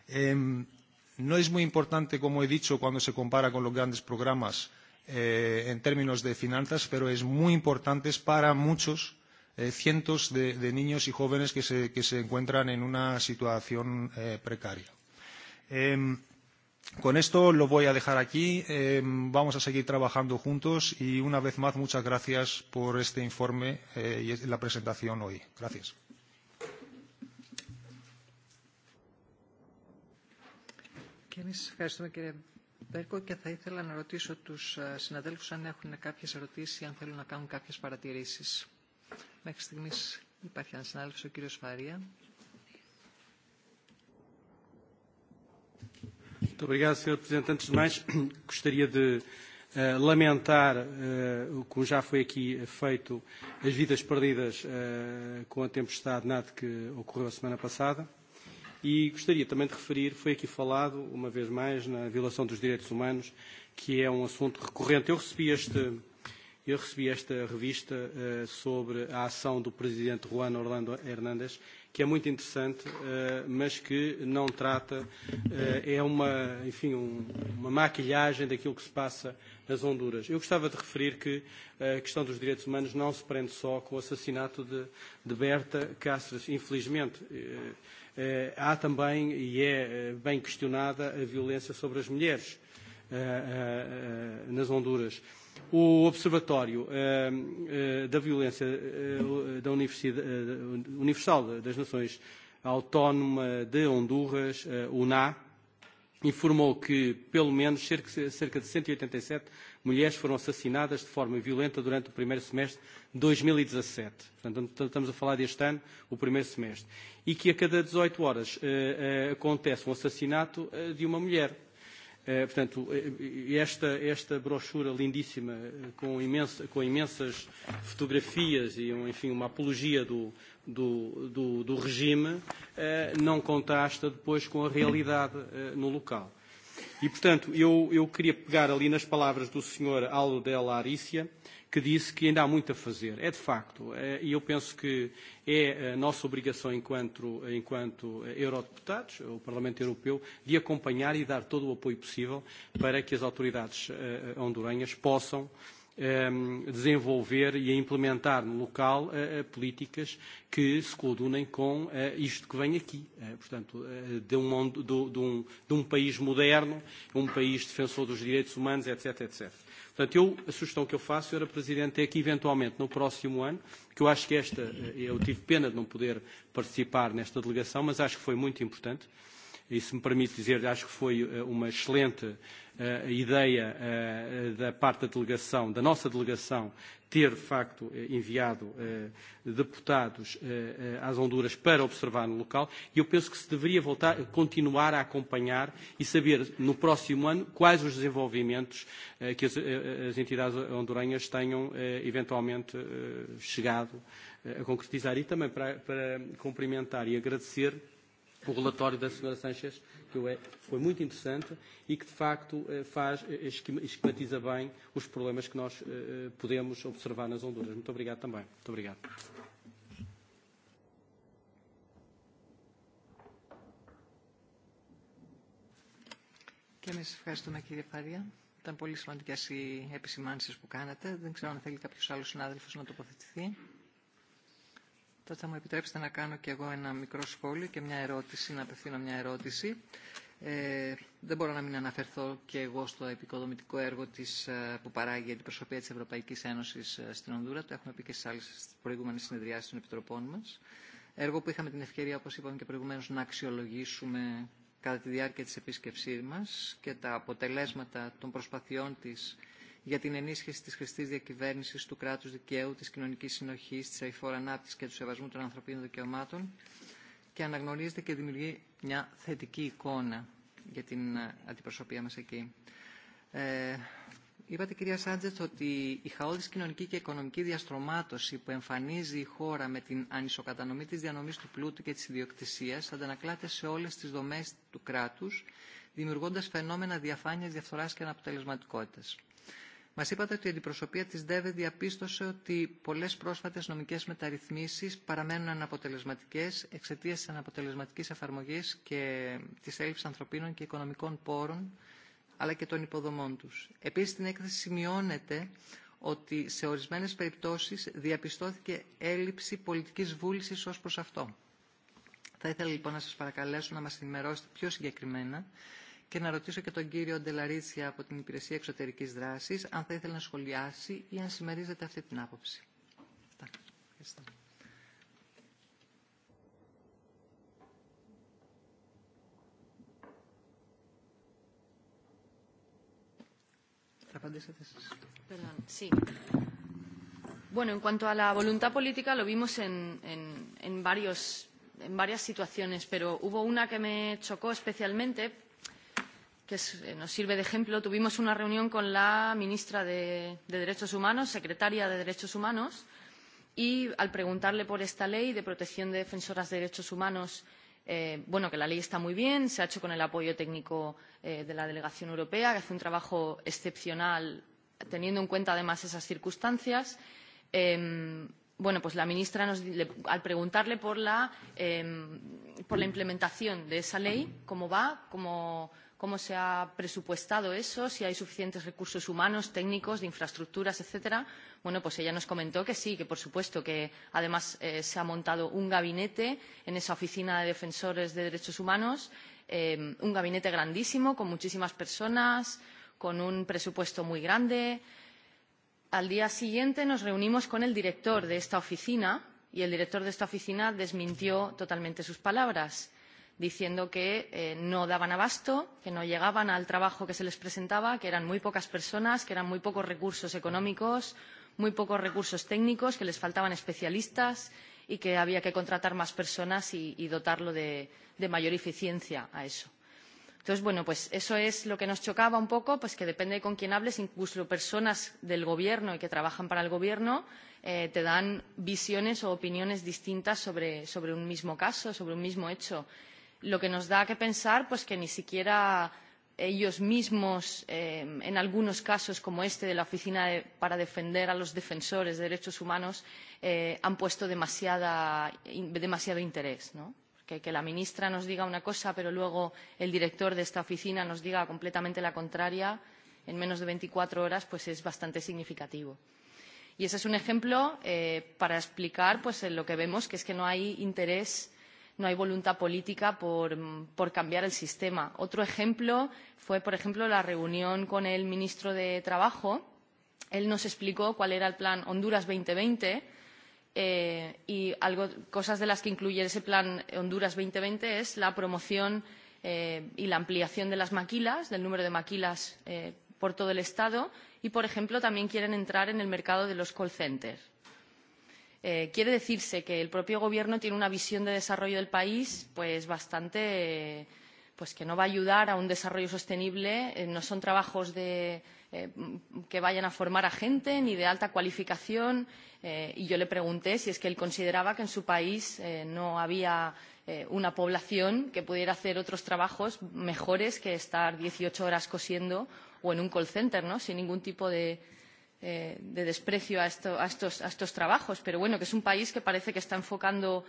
Eh, no es muy importante, como he dicho, cuando se compara con los grandes programas eh, en términos de finanzas, pero es muy importante para muchos, eh, cientos de, de niños y jóvenes que se, que se encuentran en una situación eh, precaria. Eh, Con esto lo voy a dejar aquí. Eh, vamos a seguir trabajando juntos y una vez más muchas gracias por este informe eh, y la presentación hoy. Gracias. Και εμείς ευχαριστούμε κύριε Μπέρκο και θα ήθελα να ρωτήσω τους συναδέλφους αν έχουν κάποιες ερωτήσεις ή αν θέλουν να κάνουν κάποιες παρατηρήσεις. Μέχρι στιγμής υπάρχει ένας συνάδελφος, ο κύριος Φαρία. Muito obrigado, Sr. Presidente. Antes de mais, gostaria de lamentar, como já foi aqui feito, as vidas perdidas com a tempestade NAD que ocorreu a semana passada. E gostaria também de referir, foi aqui falado, uma vez mais, na violação dos direitos humanos, que é um assunto recorrente. Eu recebi, este, eu recebi esta revista sobre a ação do presidente Juan Orlando Hernández que é muito interessante, mas que não trata, é uma, enfim, uma maquilhagem daquilo que se passa nas Honduras. Eu gostava de referir que a questão dos direitos humanos não se prende só com o assassinato de, de Berta Cáceres. Infelizmente, há também, e é bem questionada, a violência sobre as mulheres nas Honduras. O Observatório da Violência da Universidade, Universal das Nações Autónoma de Honduras, UNA, informou que pelo menos cerca de 187 mulheres foram assassinadas de forma violenta durante o primeiro semestre de 2017. Portanto, estamos a falar deste ano, o primeiro semestre. E que a cada 18 horas acontece um assassinato de uma mulher Portanto, esta, esta brochura lindíssima, com, imensa, com imensas fotografias e, enfim, uma apologia do, do, do, do regime, não contrasta depois com a realidade no local. E, portanto, eu, eu queria pegar ali nas palavras do Sr. Aldo Della Arícia, que disse que ainda há muito a fazer. É de facto, e eu penso que é a nossa obrigação enquanto, enquanto eurodeputados, o Parlamento Europeu, de acompanhar e dar todo o apoio possível para que as autoridades honduranhas possam desenvolver e a implementar no local políticas que se coadunem com isto que vem aqui. Portanto, de um, de, um, de um país moderno, um país defensor dos direitos humanos, etc, etc. Portanto, eu, a sugestão que eu faço, Sra. Presidente, é que eventualmente no próximo ano, que eu acho que esta, eu tive pena de não poder participar nesta delegação, mas acho que foi muito importante, e se me permite dizer, acho que foi uma excelente a ideia da parte da delegação, da nossa delegação, ter de facto enviado deputados às Honduras para observar no local e eu penso que se deveria voltar a continuar a acompanhar e saber no próximo ano quais os desenvolvimentos que as entidades honduranhas tenham eventualmente chegado a concretizar e também para, para cumprimentar e agradecer o relatório da senhora Sanchez, que eu é, foi muito interessante e que, de facto, faz, esquematiza bem os problemas que nós podemos observar nas Honduras. Muito obrigado também. Muito obrigado. Και εμείς ευχαριστούμε κύριε Φαρία. Ήταν πολύ σημαντικές οι επισημάνσεις που κάνατε. Δεν ξέρω αν θέλει κάποιος άλλος συνάδελφος να τοποθετηθεί. Τότε θα μου επιτρέψετε να κάνω και εγώ ένα μικρό σχόλιο και μια ερώτηση, να απευθύνω μια ερώτηση. Ε, δεν μπορώ να μην αναφερθώ και εγώ στο επικοδομητικό έργο της, που παράγει η αντιπροσωπεία της Ευρωπαϊκής Ένωσης στην Ονδούρα. Το έχουμε πει και στις άλλες στις προηγούμενες συνεδριάσεις των επιτροπών μας. Έργο που είχαμε την ευκαιρία, όπως είπαμε και προηγουμένως, να αξιολογήσουμε κατά τη διάρκεια της επίσκεψής μας και τα αποτελέσματα των προσπαθειών της για την ενίσχυση τη χρηστή διακυβέρνηση, του κράτου δικαίου, τη κοινωνική συνοχή, τη αηφόρα ανάπτυξη και του σεβασμού των ανθρωπίνων δικαιωμάτων και αναγνωρίζεται και δημιουργεί μια θετική εικόνα για την αντιπροσωπεία μας εκεί. Ε, είπατε κυρία Σάντζετ ότι η χαόδης κοινωνική και οικονομική διαστρωμάτωση που εμφανίζει η χώρα με την ανισοκατανομή της διανομής του πλούτου και της ιδιοκτησίας αντανακλάται σε όλες τις δομές του κράτους δημιουργώντας φαινόμενα διαφάνειας, διαφθοράς και αναποτελεσματικότητας. Μα είπατε ότι η αντιπροσωπεία τη ΔΕΒΕ διαπίστωσε ότι πολλέ πρόσφατε νομικέ μεταρρυθμίσει παραμένουν αναποτελεσματικέ εξαιτία τη αναποτελεσματική εφαρμογή και τη έλλειψη ανθρωπίνων και οικονομικών πόρων αλλά και των υποδομών του. Επίση, στην έκθεση σημειώνεται ότι σε ορισμένε περιπτώσει διαπιστώθηκε έλλειψη πολιτική βούληση ω προ αυτό. Θα ήθελα λοιπόν να σα παρακαλέσω να μα ενημερώσετε πιο συγκεκριμένα και να ρωτήσω και τον κύριο Ντελαρίτσια από την Υπηρεσία Εξωτερικής Δράσης αν θα ήθελε να σχολιάσει ή αν συμμερίζεται αυτή την άποψη. Ευχαριστώ. Θα απαντήσετε εσείς. Perdón, sí. Bueno, en cuanto a la voluntad política, lo vimos en, en, en, varios, en varias situaciones, pero hubo una que me chocó especialmente que nos sirve de ejemplo, tuvimos una reunión con la ministra de, de Derechos Humanos, secretaria de Derechos Humanos, y al preguntarle por esta ley de protección de defensoras de derechos humanos, eh, bueno, que la ley está muy bien, se ha hecho con el apoyo técnico eh, de la delegación europea, que hace un trabajo excepcional teniendo en cuenta además esas circunstancias. Eh, bueno, pues la ministra, nos, le, al preguntarle por la, eh, por la implementación de esa ley, cómo va, cómo cómo se ha presupuestado eso, si hay suficientes recursos humanos, técnicos, de infraestructuras, etcétera. Bueno, pues ella nos comentó que sí, que por supuesto, que además se ha montado un gabinete en esa oficina de defensores de derechos humanos, un gabinete grandísimo, con muchísimas personas, con un presupuesto muy grande. Al día siguiente nos reunimos con el director de esta oficina y el director de esta oficina desmintió totalmente sus palabras diciendo que no daban abasto, que no llegaban al trabajo que se les presentaba, que eran muy pocas personas, que eran muy pocos recursos económicos, muy pocos recursos técnicos, que les faltaban especialistas y que había que contratar más personas y, dotarlo de, mayor eficiencia a eso. Entonces, bueno, pues eso es lo que nos chocaba un poco, pues que depende de con quién hables, incluso personas del gobierno y que trabajan para el gobierno te dan visiones o opiniones distintas sobre, un mismo caso, sobre un mismo hecho lo que nos da que pensar pues que ni siquiera ellos mismos, en algunos casos como este de la Oficina para defender a los defensores de derechos humanos, han puesto demasiado interés. Que, la ministra nos diga una cosa, pero luego el director de esta oficina nos diga completamente la contraria en menos de veinticuatro horas, pues es bastante significativo. Y ese es un ejemplo para explicar lo que vemos, que es que no hay interés no hay voluntad política por, por cambiar el sistema. Otro ejemplo fue, por ejemplo, la reunión con el ministro de Trabajo. Él nos explicó cuál era el plan Honduras 2020 eh, y algo, cosas de las que incluye ese plan Honduras 2020 es la promoción eh, y la ampliación de las maquilas, del número de maquilas eh, por todo el Estado y, por ejemplo, también quieren entrar en el mercado de los call centers quiere decirse que el propio Gobierno tiene una visión de desarrollo del país pues bastante pues que no va a ayudar a un desarrollo sostenible. no son trabajos de, que vayan a formar a gente ni de alta cualificación. y yo le pregunté si es que él consideraba que en su país no había una población que pudiera hacer otros trabajos mejores que estar dieciocho horas cosiendo o en un call center, ¿no? sin ningún tipo de, de desprecio a, estos, trabajos, pero bueno, que es un país que parece que está enfocando,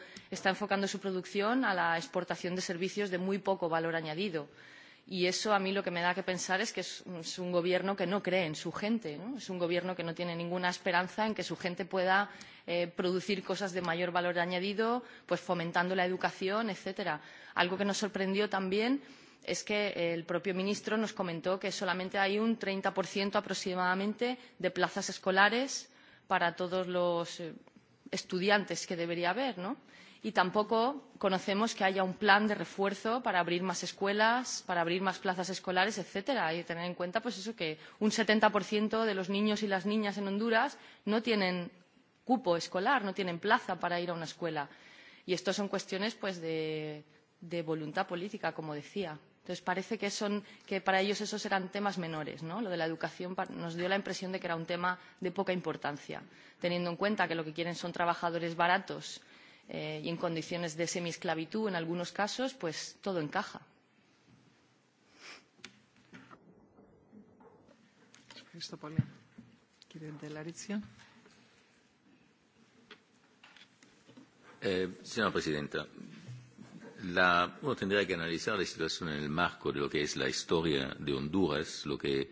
su producción a la exportación de servicios de muy poco valor añadido. Y eso a mí lo que me da que pensar es que es un, gobierno que no cree en su gente, es un gobierno que no tiene ninguna esperanza en que su gente pueda producir cosas de mayor valor añadido, pues fomentando la educación, etcétera. Algo que nos sorprendió también es que el propio ministro nos comentó que solamente hay un 30% aproximadamente de plazas escolares para todos los estudiantes que debería haber, ¿no? Y tampoco conocemos que haya un plan de refuerzo para abrir más escuelas, para abrir más plazas escolares, etcétera. que tener en cuenta, pues eso, que un 70% de los niños y las niñas en Honduras no tienen cupo escolar, no tienen plaza para ir a una escuela. Y esto son cuestiones, pues, de, de voluntad política, como decía. Entonces parece que, son, que para ellos esos eran temas menores. ¿no? Lo de la educación nos dio la impresión de que era un tema de poca importancia, teniendo en cuenta que lo que quieren son trabajadores baratos eh, y en condiciones de semiesclavitud en algunos casos, pues todo encaja. Eh, señora Presidenta, la, uno tendría que analizar la situación en el marco de lo que es la historia de Honduras, lo que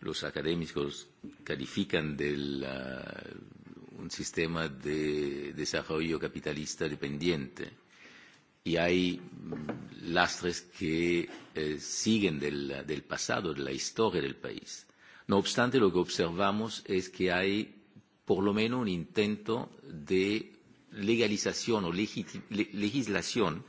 los académicos califican de la, un sistema de desarrollo capitalista dependiente. Y hay lastres que eh, siguen del, del pasado, de la historia del país. No obstante, lo que observamos es que hay por lo menos un intento de legalización o legislación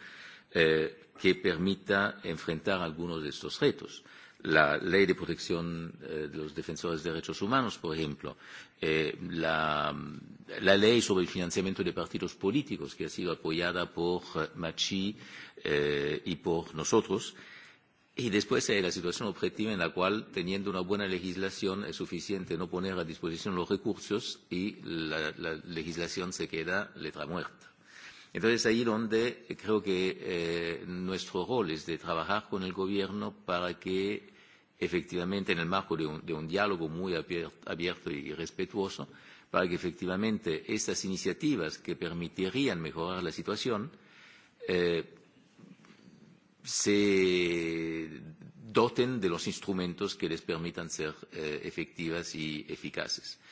eh, que permita enfrentar algunos de estos retos. La ley de protección eh, de los defensores de derechos humanos, por ejemplo, eh, la, la ley sobre el financiamiento de partidos políticos, que ha sido apoyada por Machi eh, y por nosotros, Y después hay la situación objetiva en la cual, teniendo una buena legislación, es suficiente no poner a disposición los recursos y la, la legislación se queda letra muerta. Entonces ahí donde creo que eh, nuestro rol es de trabajar con el gobierno para que efectivamente en el marco de un, de un diálogo muy abierto y respetuoso, para que efectivamente estas iniciativas que permitirían mejorar la situación eh, se doten de los instrumentos que les permitan ser eh, efectivas y eficaces. Eh,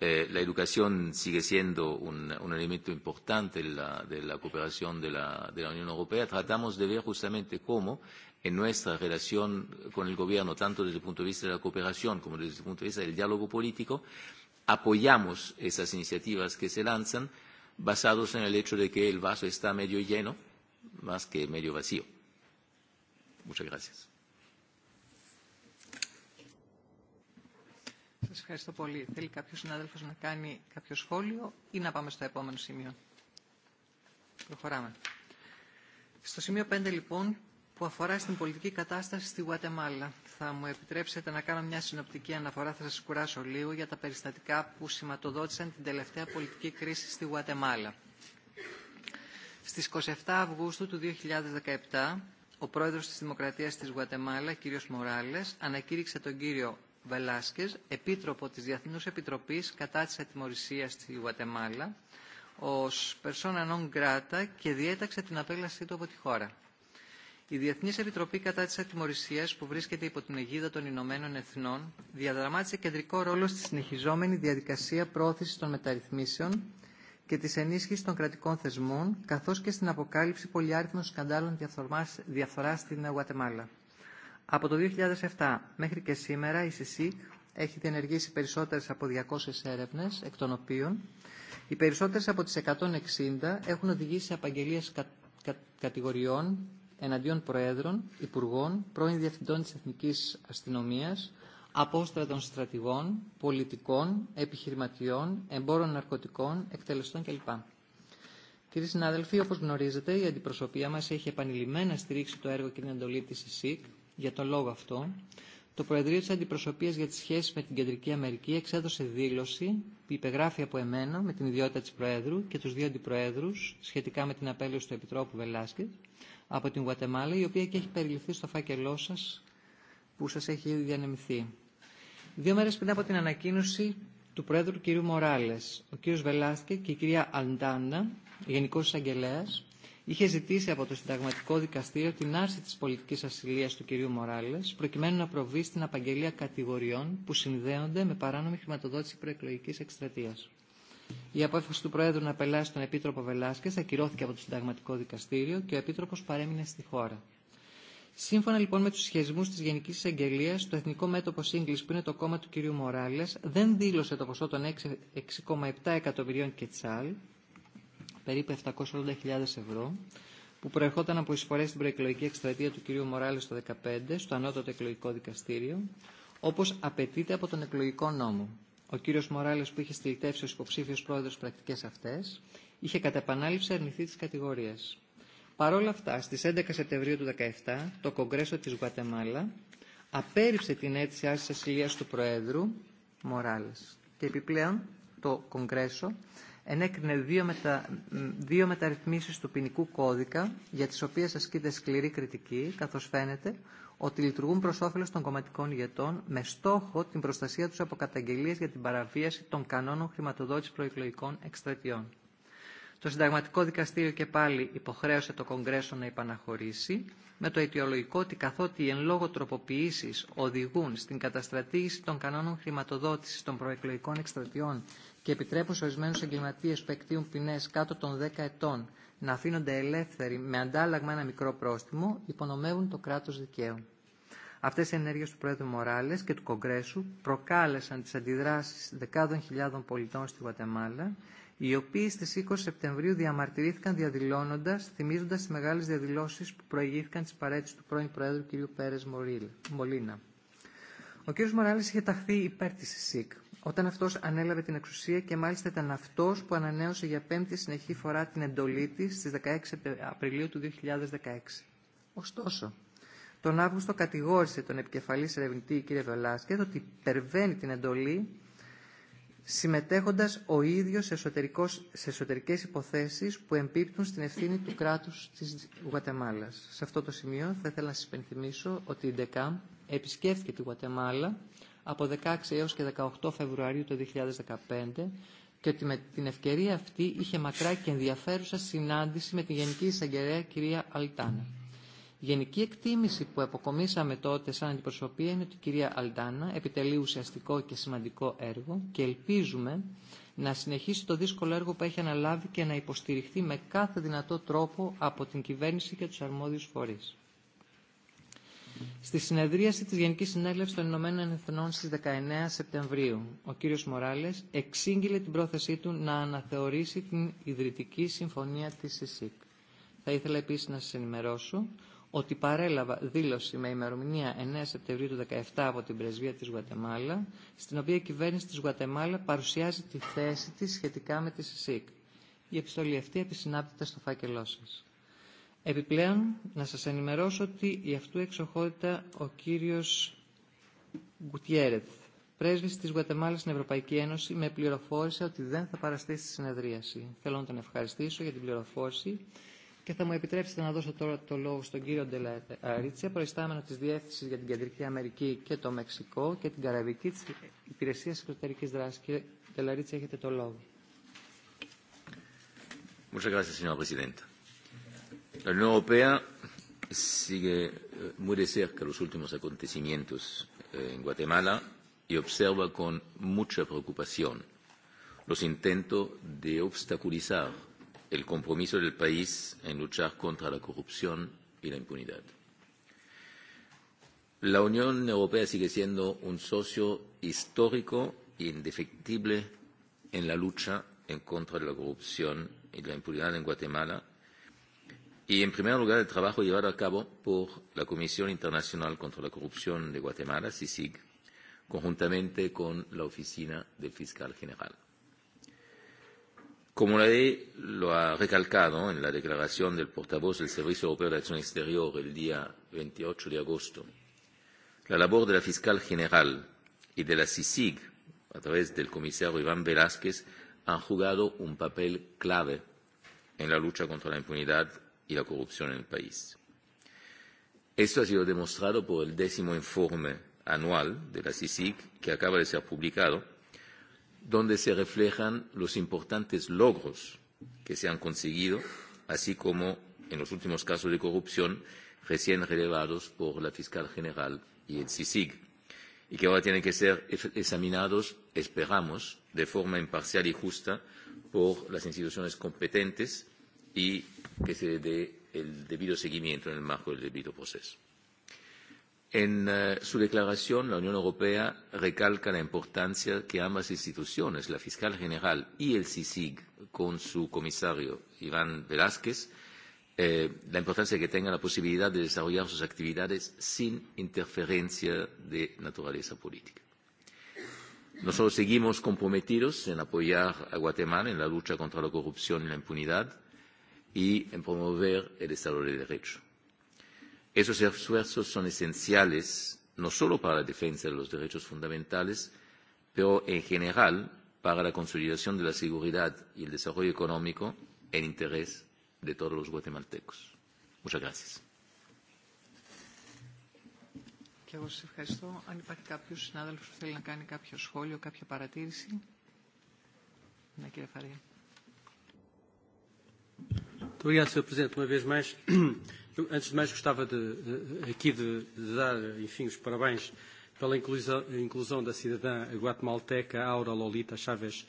Eh, la educación sigue siendo un, un elemento importante de la, de la cooperación de la, de la Unión Europea. Tratamos de ver justamente cómo en nuestra relación con el gobierno, tanto desde el punto de vista de la cooperación como desde el punto de vista del diálogo político, apoyamos esas iniciativas que se lanzan basados en el hecho de que el vaso está medio lleno más que medio vacío. Muchas gracias. Σας ευχαριστώ πολύ. Θέλει κάποιος συνάδελφος να κάνει κάποιο σχόλιο ή να πάμε στο επόμενο σημείο. Προχωράμε. Στο σημείο 5 λοιπόν που αφορά στην πολιτική κατάσταση στη Γουατεμάλα. Θα μου επιτρέψετε να κάνω μια συνοπτική αναφορά, θα σας κουράσω λίγο, για τα περιστατικά που σηματοδότησαν την τελευταία πολιτική κρίση στη Γουατεμάλα. Στις 27 Αυγούστου του 2017, ο πρόεδρος της Δημοκρατίας της Γουατεμάλα, κ. Μοράλες, ανακήρυξε τον κύριο Βελάσκες, επίτροπο της Διεθνούς Επιτροπής κατά της ατιμορρησίας στη Γουατεμάλα, ως persona non grata και διέταξε την απέλασή του από τη χώρα. Η Διεθνή Επιτροπή κατά τη Ατιμορρησία, που βρίσκεται υπό την αιγίδα των Ηνωμένων Εθνών, διαδραμάτισε κεντρικό ρόλο στη συνεχιζόμενη διαδικασία πρόθεση των μεταρρυθμίσεων και τη ενίσχυση των κρατικών θεσμών, καθώ και στην αποκάλυψη πολυάριθμων σκαντάλων διαφθορά στην Γουατεμάλα. Από το 2007 μέχρι και σήμερα η ΣΥΣΥΚ έχει διενεργήσει περισσότερες από 200 έρευνες, εκ των οποίων οι περισσότερες από τις 160 έχουν οδηγήσει σε απαγγελίες κα, κα, κατηγοριών εναντίον προέδρων, υπουργών, πρώην διευθυντών της Εθνικής Αστυνομίας, απόστρατων στρατηγών, πολιτικών, επιχειρηματιών, εμπόρων ναρκωτικών, εκτελεστών κλπ. Κύριοι συνάδελφοι, όπως γνωρίζετε, η αντιπροσωπεία μας έχει επανειλημμένα στηρίξει το έργο και την εντολή της ΕΣΥΚ Για τον λόγο αυτό, το Προεδρείο τη Αντιπροσωπεία για τι Σχέσει με την Κεντρική Αμερική εξέδωσε δήλωση που υπεγράφει από εμένα με την ιδιότητα τη Προέδρου και του δύο αντιπροέδρου σχετικά με την απέλευση του Επιτρόπου Βελάσκετ από την Γουατεμάλα, η οποία και έχει περιληφθεί στο φάκελό σα που σα έχει ήδη διανεμηθεί. Δύο μέρε πριν από την ανακοίνωση του Προέδρου κ. Μοράλε, ο κ. Βελάσκετ και η κυρία Αλντάντα, Γενικό Εισαγγελέα, είχε ζητήσει από το Συνταγματικό Δικαστήριο την άρση της πολιτικής ασυλίας του κυρίου Μοράλες προκειμένου να προβεί στην απαγγελία κατηγοριών που συνδέονται με παράνομη χρηματοδότηση προεκλογικής εκστρατείας. Η απόφαση του Προέδρου να απελάσει τον Επίτροπο Βελάσκε ακυρώθηκε από το Συνταγματικό Δικαστήριο και ο Επίτροπο παρέμεινε στη χώρα. Σύμφωνα λοιπόν με του σχεσμού τη Γενική Εισαγγελία, το Εθνικό Μέτωπο Σύγκλη, που είναι το κόμμα του κ. Μοράλε, δεν δήλωσε το ποσό των 6,7 εκατομμυρίων κετσάλ, περίπου 780.000 ευρώ που προερχόταν από εισφορές στην προεκλογική εκστρατεία του κ. Μοράλη το 2015 στο ανώτατο εκλογικό δικαστήριο, όπω απαιτείται από τον εκλογικό νόμο. Ο κ. Μοράλη, που είχε ω ως πρόεδρο πρόεδρος πρακτικέ αυτέ, είχε κατά επανάληψη αρνηθεί τι κατηγορίε. Παρ' όλα αυτά, στι 11 Σεπτεμβρίου του 2017, το Κογκρέσο τη Γουατεμάλα απέρριψε την αίτηση άσκηση ασυλία του Προέδρου Μοράλη. Και επιπλέον, το Κογκρέσο ενέκρινε δύο, μετα... δύο μεταρρυθμίσεις του ποινικού κώδικα, για τις οποίες ασκείται σκληρή κριτική, καθώς φαίνεται ότι λειτουργούν προς όφελος των κομματικών ηγετών με στόχο την προστασία τους από καταγγελίες για την παραβίαση των κανόνων χρηματοδότησης προεκλογικών εκστρατιών. Το Συνταγματικό Δικαστήριο και πάλι υποχρέωσε το Κογκρέσο να επαναχωρήσει, με το αιτιολογικό ότι καθότι εν λόγω τροποποιήσει οδηγούν στην καταστρατήγηση των κανόνων χρηματοδότηση των προεκλογικών εκστρατιών και επιτρέπουν σε ορισμένου εγκληματίε που εκτείουν ποινέ κάτω των 10 ετών να αφήνονται ελεύθεροι με αντάλλαγμα ένα μικρό πρόστιμο, υπονομεύουν το κράτο δικαίου. Αυτέ οι ενέργειε του Πρόεδρου Μοράλε και του Κογκρέσου προκάλεσαν τι αντιδράσει δεκάδων χιλιάδων πολιτών στη Γουατεμάλα οι οποίοι στις 20 Σεπτεμβρίου διαμαρτυρήθηκαν διαδηλώνοντας, θυμίζοντας τις μεγάλες διαδηλώσεις που προηγήθηκαν της παρέτησης του πρώην Προέδρου κ. Πέρες Μολίνα. Ο κ. Μοράλης είχε ταχθεί υπέρ της ΣΥΚ, όταν αυτός ανέλαβε την εξουσία και μάλιστα ήταν αυτός που ανανέωσε για πέμπτη συνεχή φορά την εντολή της στις 16 Απριλίου του 2016. Ωστόσο, τον Αύγουστο κατηγόρησε τον επικεφαλής ερευνητή κ. Βελάσκετ ότι υπερβαίνει την εντολή συμμετέχοντας ο ίδιος σε, εσωτερικές υποθέσεις που εμπίπτουν στην ευθύνη του κράτους της Γουατεμάλας. Σε αυτό το σημείο θα ήθελα να σας υπενθυμίσω ότι η ΝΤΕΚΑΜ επισκέφθηκε τη Γουατεμάλα από 16 έως και 18 Φεβρουαρίου του 2015 και ότι με την ευκαιρία αυτή είχε μακρά και ενδιαφέρουσα συνάντηση με τη Γενική Εισαγγελέα κυρία Αλτάνα γενική εκτίμηση που αποκομίσαμε τότε σαν αντιπροσωπεία είναι ότι η κυρία Αλντάνα επιτελεί ουσιαστικό και σημαντικό έργο και ελπίζουμε να συνεχίσει το δύσκολο έργο που έχει αναλάβει και να υποστηριχθεί με κάθε δυνατό τρόπο από την κυβέρνηση και τους αρμόδιους φορείς. Στη συνεδρίαση της Γενικής Συνέλευσης των Ηνωμένων Εθνών στις 19 Σεπτεμβρίου, ο κύριος Μοράλες εξήγηλε την πρόθεσή του να αναθεωρήσει την Ιδρυτική Συμφωνία της ΕΣΥΚ. Θα ήθελα επίσης να σας ενημερώσω ότι παρέλαβα δήλωση με ημερομηνία 9 Σεπτεμβρίου του 2017 από την Πρεσβεία της Γουατεμάλα, στην οποία η κυβέρνηση της Γουατεμάλα παρουσιάζει τη θέση της σχετικά με τη ΣΥΣΥΚ. Η επιστολή αυτή επισυνάπτεται στο φάκελό σας. Επιπλέον, να σας ενημερώσω ότι η αυτού εξοχότητα ο κύριος Γκουτιέρεθ, πρέσβης της Γουατεμάλα στην Ευρωπαϊκή Ένωση, με πληροφόρησε ότι δεν θα παραστεί στη συνεδρίαση. Θέλω να τον ευχαριστήσω για την πληροφόρηση Και θα μου επιτρέψετε να δώσω τώρα το λόγο στον κύριο Ντελαρίτσια, προϊστάμενο τη Διεύθυνση για την Κεντρική Αμερική και το Μεξικό και την Καραβική τη Υπηρεσία Εξωτερική Δράση. Κύριε Ντελαρίτσια, έχετε το λόγο. Muchas gracias, señora presidenta. La Unión Europea sigue muy de cerca los últimos acontecimientos en Guatemala y observa con mucha preocupación los intentos de obstaculizar el compromiso del país en luchar contra la corrupción y la impunidad. La Unión Europea sigue siendo un socio histórico e indefectible en la lucha en contra de la corrupción y la impunidad en Guatemala y, en primer lugar, el trabajo llevado a cabo por la Comisión Internacional contra la Corrupción de Guatemala, CICIG, conjuntamente con la Oficina del Fiscal General. Como lo ha recalcado en la declaración del portavoz del Servicio Europeo de Acción Exterior el día veintiocho de agosto, la labor de la fiscal general y de la CICIG, a través del comisario Iván Velázquez, han jugado un papel clave en la lucha contra la impunidad y la corrupción en el país. Esto ha sido demostrado por el décimo informe anual de la CICIG, que acaba de ser publicado, donde se reflejan los importantes logros que se han conseguido, así como en los últimos casos de corrupción recién relevados por la fiscal general y el CICIG, y que ahora tienen que ser examinados, esperamos, de forma imparcial y justa por las instituciones competentes y que se dé el debido seguimiento en el marco del debido proceso. En su declaración, la Unión Europea recalca la importancia que ambas instituciones, la fiscal general y el CICIG, con su comisario Iván Velázquez, eh, la importancia que tenga la posibilidad de desarrollar sus actividades sin interferencia de naturaleza política. Nosotros seguimos comprometidos en apoyar a Guatemala en la lucha contra la corrupción y la impunidad y en promover el Estado de Derecho Esos esfuerzos son esenciales no solo para la defensa de los derechos fundamentales, pero en general para la consolidación de la seguridad y el desarrollo económico en interés de todos los guatemaltecos. Muchas gracias. Και εγώ σας ευχαριστώ. Αν υπάρχει κάποιος συνάδελφος που θέλει να κάνει κάποιο σχόλιο, κάποια παρατήρηση. Ναι, κύριε Φαρία antes de mais, gostava de, de, aqui de, de dar, enfim, os parabéns pela inclusão, inclusão da cidadã guatemalteca Aura Lolita Chaves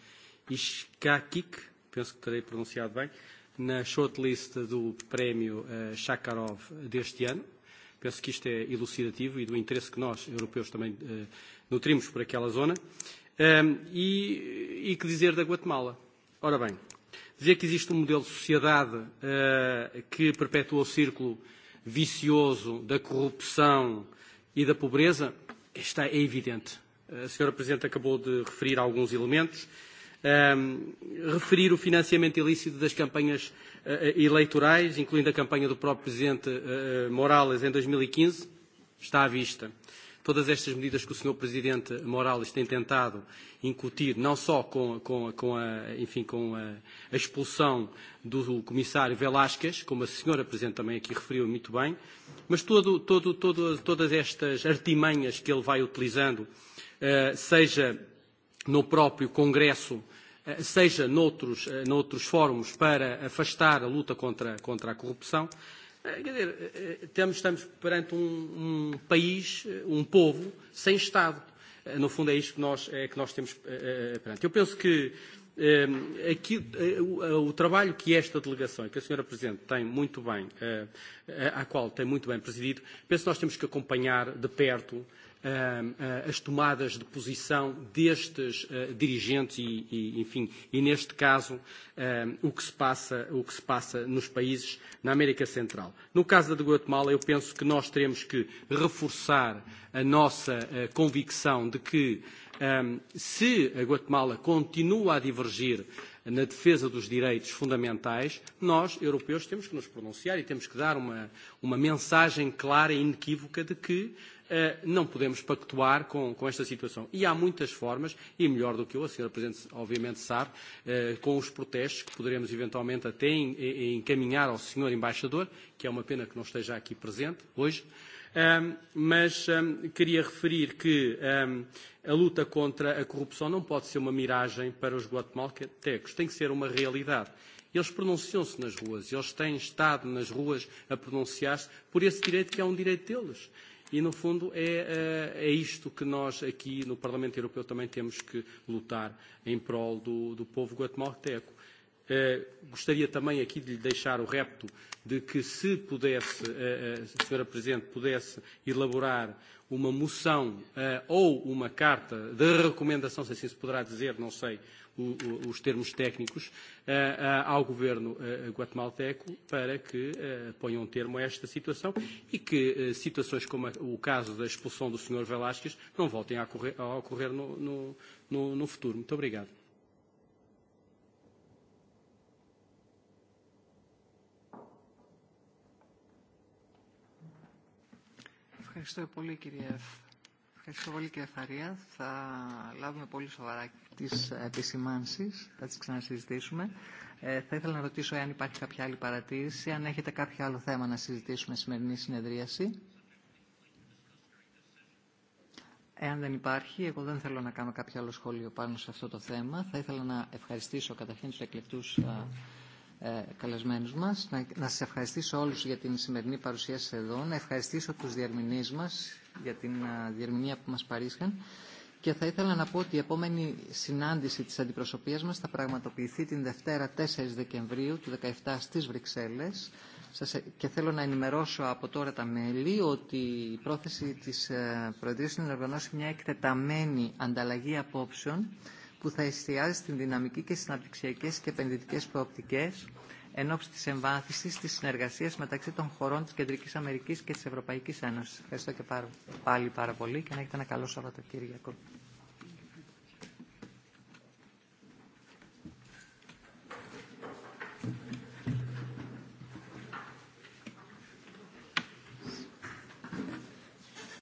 Iskakik, penso que terei pronunciado bem, na shortlist do prémio uh, deste ano. Penso que isto é elucidativo e do interesse que nós, europeus, também uh, nutrimos por aquela zona. Um, e, e que dizer da Guatemala? Ora bem, Dizer que existe um modelo de sociedade uh, que perpetua o círculo vicioso da corrupção e da pobreza está, é evidente. A senhora Presidente acabou de referir alguns elementos. Um, referir o financiamento ilícito das campanhas uh, eleitorais, incluindo a campanha do próprio Presidente uh, Morales em 2015, está à vista. Uh, todas estas medidas que o Sr. Presidente Morales tem tentado incutir, não só com, com, com, a, enfim, com a, a expulsão do Comissário Velasquez, como a Sra. Presidente também aqui referiu muito bem, mas todo, todo, todo, todas estas artimanhas que ele vai utilizando, seja no próprio Congresso, seja noutros, noutros fóruns para afastar a luta contra, contra a corrupção, Quer dizer, temos, estamos perante um, um país, um povo sem Estado. No fundo, é isto que nós, é, que nós temos perante. Eu penso que aqui, o trabalho que esta delegação, que a Sra. Presidente tem muito bem, a qual tem muito bem presidido, penso que nós temos que acompanhar de perto as tomadas de posição destes dirigentes e, e, enfim, e neste caso o que se passa, o que se passa nos países na América Central. No caso da Guatemala, eu penso que nós teremos que reforçar a nossa convicção de que se a Guatemala continua a divergir na defesa dos direitos fundamentais, nós, europeus, temos que nos pronunciar e temos que dar uma, uma mensagem clara e inequívoca de que não podemos pactuar com, com esta situação. E há muitas formas, e melhor do que eu, a Sra. Presidente obviamente sabe, com os protestos que poderemos eventualmente até encaminhar ao Sr. Embaixador, que é uma pena que não esteja aqui presente hoje, mas queria referir que a luta contra a corrupção não pode ser uma miragem para os guatemaltecos, tem que ser uma realidade. Eles pronunciam-se nas ruas, eles têm estado nas ruas a pronunciar-se por esse direito que é um direito deles. E, no fundo, é, é isto que nós aqui no Parlamento Europeu também temos que lutar em prol do, do povo guatemalteco. Gostaria também aqui de lhe deixar o repto de que, se pudesse, Sra. Presidente, pudesse elaborar uma moção ou uma carta de recomendação, se assim se poderá dizer, não sei, os termos técnicos ao governo guatemalteco para que ponham um termo a esta situação e que situações como o caso da expulsão do Sr. Velásquez não voltem a ocorrer, a ocorrer no, no, no, no futuro. Muito obrigado. Ευχαριστώ πολύ κυρία Ευχαριστώ πολύ κύριε Φαρία. Θα λάβουμε πολύ σοβαρά τις επισημάνσεις, θα τις ξανασυζητήσουμε. Ε, θα ήθελα να ρωτήσω αν υπάρχει κάποια άλλη παρατήρηση, αν έχετε κάποιο άλλο θέμα να συζητήσουμε σημερινή συνεδρίαση. Εάν δεν υπάρχει, εγώ δεν θέλω να κάνω κάποιο άλλο σχόλιο πάνω σε αυτό το θέμα. Θα ήθελα να ευχαριστήσω καταρχήν τους εκλεκτούς καλεσμένους μας. Να, να σας ευχαριστήσω όλους για την σημερινή παρουσία σας εδώ. Να ευχαριστήσω τους διερμηνείς μας για την διερμηνία που μας παρήσχαν. Και θα ήθελα να πω ότι η επόμενη συνάντηση της αντιπροσωπείας μας θα πραγματοποιηθεί την Δευτέρα 4 Δεκεμβρίου του 2017 στις Βρυξέλλες. Σας, και θέλω να ενημερώσω από τώρα τα μέλη ότι η πρόθεση της Προεδρίας είναι να οργανώσει μια εκτεταμένη ανταλλαγή απόψεων που θα εστιάζει στην δυναμική και στι αναπτυξιακές και επενδυτικέ προοπτικέ εν ώψη τη εμβάθυνση τη συνεργασία μεταξύ των χωρών τη Κεντρική Αμερική και τη Ευρωπαϊκή Ένωση. Ευχαριστώ και πάρα, πάλι πάρα πολύ και να έχετε ένα καλό Σαββατοκύριακο.